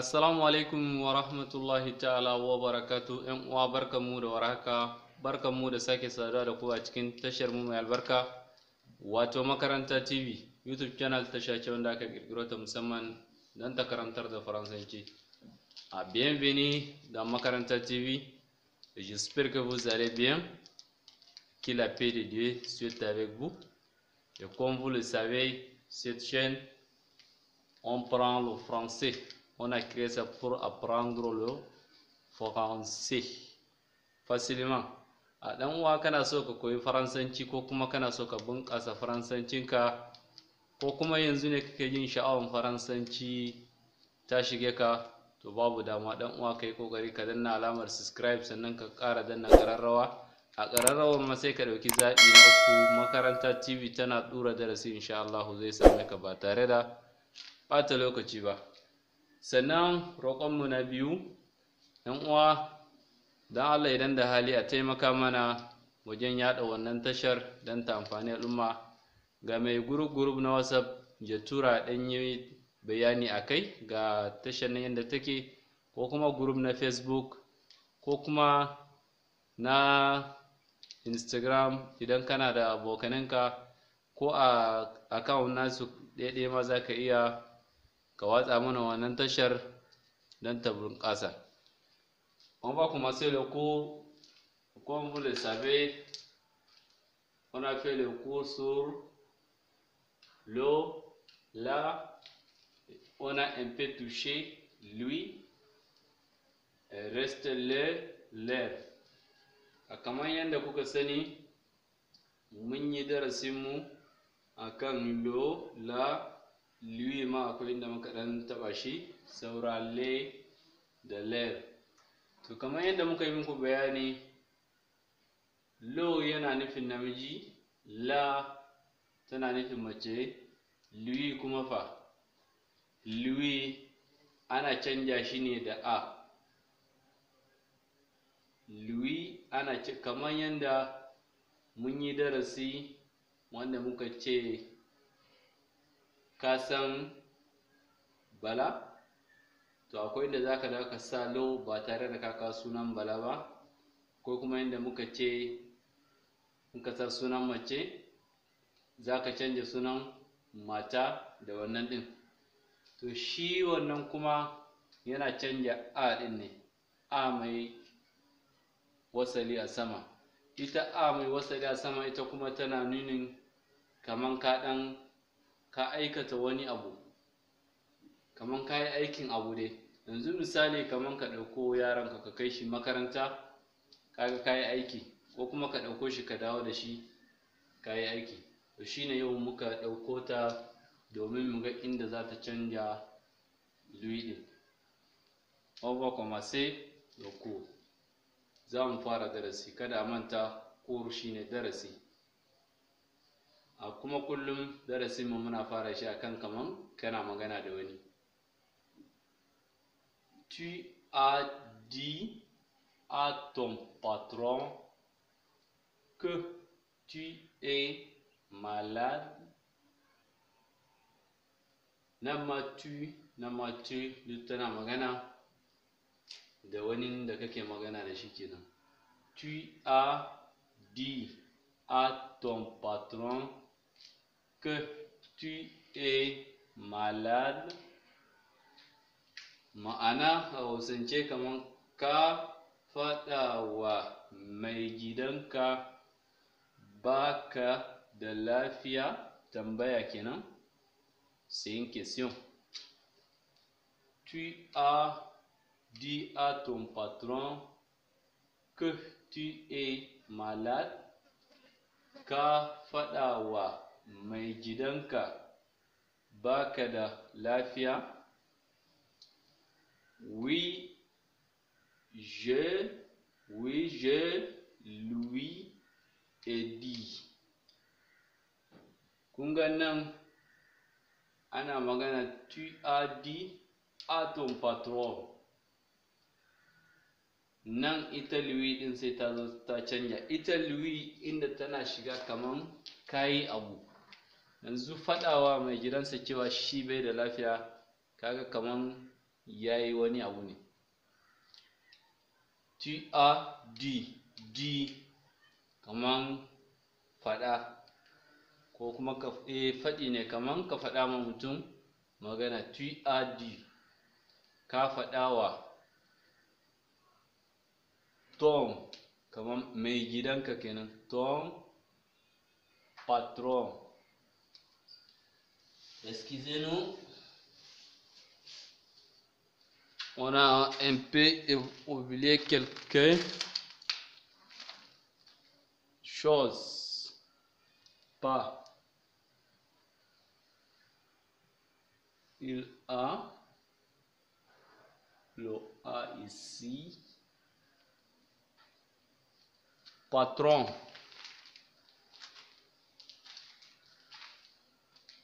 assalamu alaikum wa rahmatullahi ta'ala wa barakatu yan uwa barkanmu da warhaka barkanmu da sake saduwa da ku a cikin tashar mu mai albarka wato makaranta tv youtube channel tasha ce wanda aka kirkiro ta musamman don ta karantar da faransanci a bienvenue da makaranta tv j'espère que vous allez bien que la paix de dieu soit avec vous et comme vous le savez cette chaîne on prend le français on a créé ça pour apprendre le français facilement a dan uwa kana so ka koyi faransanci ko kuma kana so ka bunƙasa faransancinka ko kuma yanzu ne kake yin sha'awar faransanci ta shige ka to babu dama ɗan uwa kai kokari ka danna alamar subscribe sannan ka ƙara danna ƙararrawa a ƙararrawar ma sai ka ɗauki zaɓi na uku makaranta tv tana ɗura darasi insha Allah zai same ka ba tare da ɓata lokaci ba sannan roƙonmu na biyu ‘yan uwa don Allah idan da hali a taimaka mana wajen yada wannan tashar don ta amfani al'umma ga mai gurub-gurub na whatsapp ya tura ɗan yi bayani a kai ga tashar nan yadda take ko kuma gurub na facebook ko kuma na instagram idan kana da abokaninka ko a account nasu ɗaya ma za ka iya ka watsa mana wannan tashar don ta bunƙasa on va commencer le cours comme vous le savez on a fait le cours sur l'eau là on a tushe lui reste le l'air a kamar yadda kuka sani mun yi darasinmu a kan lo la louis ma akwai inda muka ɗan taɓa shi saura le da ler to kamar yadda muka yi muku bayani lo yana nufin namiji la tana nufin mace lui kuma fa lui ana canja shi ne da a lui ana kamar yadda mun yi darasi wanda muka ce ka san bala to akwai inda za ka dawo ka sa lo ba tare da ka sunan bala ba ko kuma inda muka ce in sa sunan mace za ka canja sunan mata da wannan din. to shi wannan kuma yana canja a din ne a mai wasali a sama ita a mai wasali a sama ita kuma tana nunin kaman ka dan ka aikata wani abu kaman ka yi aikin abu dai yanzu misali kaman ka ɗauko yaranka ka kai shi makaranta kaga ka yi aiki ko kuma ka ɗauko shi ka dawo da shi ka yi aiki to ne yau muka ɗauko ta domin mu ga inda za ta canja lui ɗin over comma sai da za mu fara darasi kada a manta shi ne darasi a kuma kullum darasin mu muna fara shi akan kaman kana magana da wani tu a di a ton patron que tu es malade namatu namatu duk tana magana da wani da kake magana da shi kenan tu a di a ton patron que tu es malade ma'ana a hausance kamar ka faɗa wa mai gidanka ba ka da lafiya tambaya kenan c'est une question tu as dit à ton patron que tu es malade ka faɗa wa mai ba ka da lafiya? Oui, je, oui, je lui et dit. Kun nan ana magana tu a di a ton patron. nan ita lui din sai ta zo ta canja ita lui inda tana shiga kaman kayi abu yanzu faɗawa mai gidansa cewa shi bai da lafiya kaga kaman ya yi wani abu ne trd d kaman faɗa ko kuma ka eh, faɗi ne kaman ka faɗa ma mutum magana trd ka faɗawa tom kaman mai gidanka kenan tom patron Excusez-nous. On a un peu oublié quelque chose. Pas. Il a le A ici. Patron.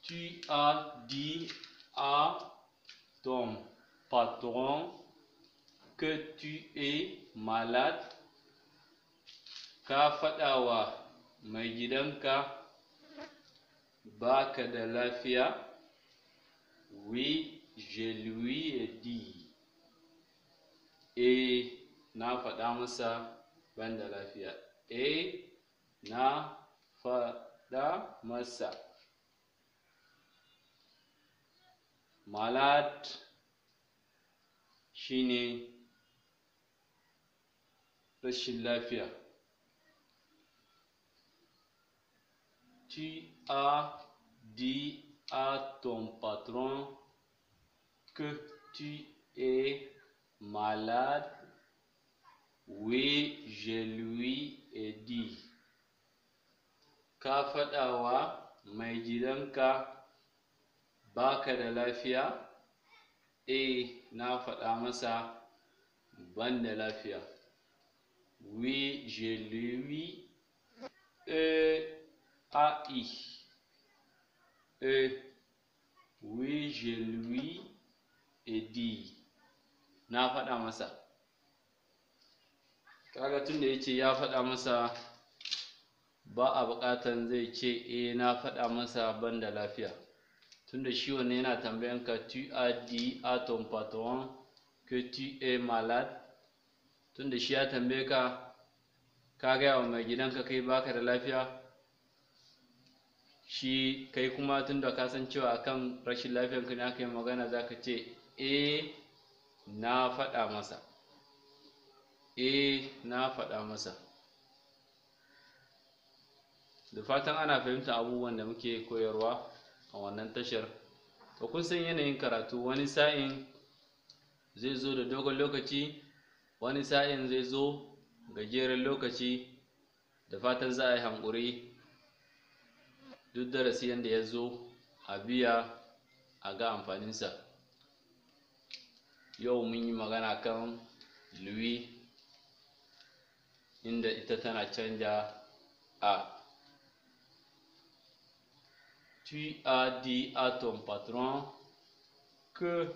Tu as dit à ton patron que tu es malade. Ka majidanka, mai gidanka ba da Oui, je lui ai dit. Et na fada masa ban Et na fadamasa. masa. malade shine rashin lafiya tu as dit à ton patron que tu es malade oui je lui ai dit ka mai baka da lafiya eh na faɗa masa ban da lafiya oui je lui e a i e oui je lui ai e, dit na faɗa masa kaga tun da yace ya faɗa masa ba a buƙatan zai ce eh na faɗa masa ban da lafiya tunda shi wanne yana tambayan ka tu a di à ton patron que tu es malade tunda shi ya tambaye ka ka gaya wa mai gidanka kai baka da lafiya shi kai kuma tunda ka san cewa akan rashin ka ne aka yi magana zaka ce e na faɗa masa e na faɗa masa da fatan ana fahimta abubuwan da muke koyarwa a wannan tashar to kun san yanayin karatu wani sa'in zai zo da dogon lokaci wani sa'in zai zo gajeren lokaci da fatan za a yi hankuri duk darasi yadda ya zo a biya a ga amfaninsa yau mun yi magana kan louis inda ita tana canja a tu as dit à ton patron que,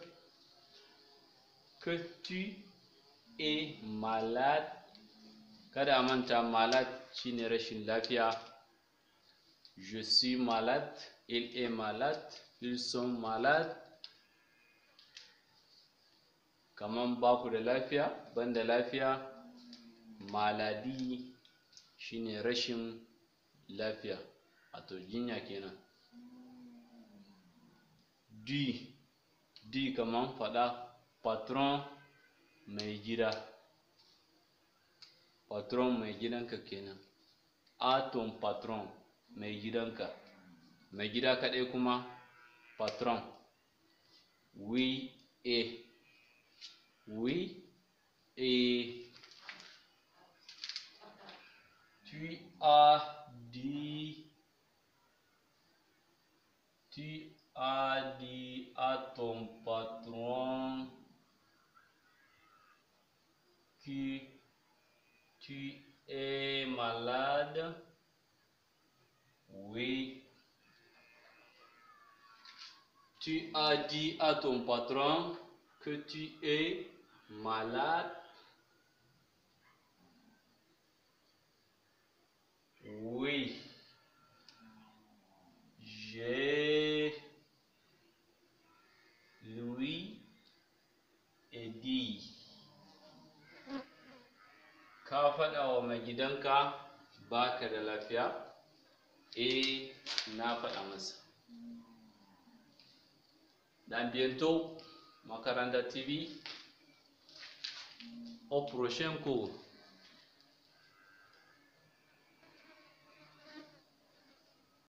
que tu es malade. Kada manta malade shine rashin lafiya. Je suis malade, il est malade, ils sont malades. Kaman baku ku da lafiya, ban da lafiya, maladi shine rashin lafiya, wato jinya kenan. di di kaman faɗa patron mai maigida patron mai maigidanka kenan atom patron mai mai maigida kaɗai kuma patron we a we a tu as dit tu a dit à ton patron que tu es malade Oui. Tu as dit à ton patron que tu es malade Oui. J'ai lui et ka faɗa wa mai gidanka baka da lafiya eh na faɗa masa dans bientôt makaranta tv au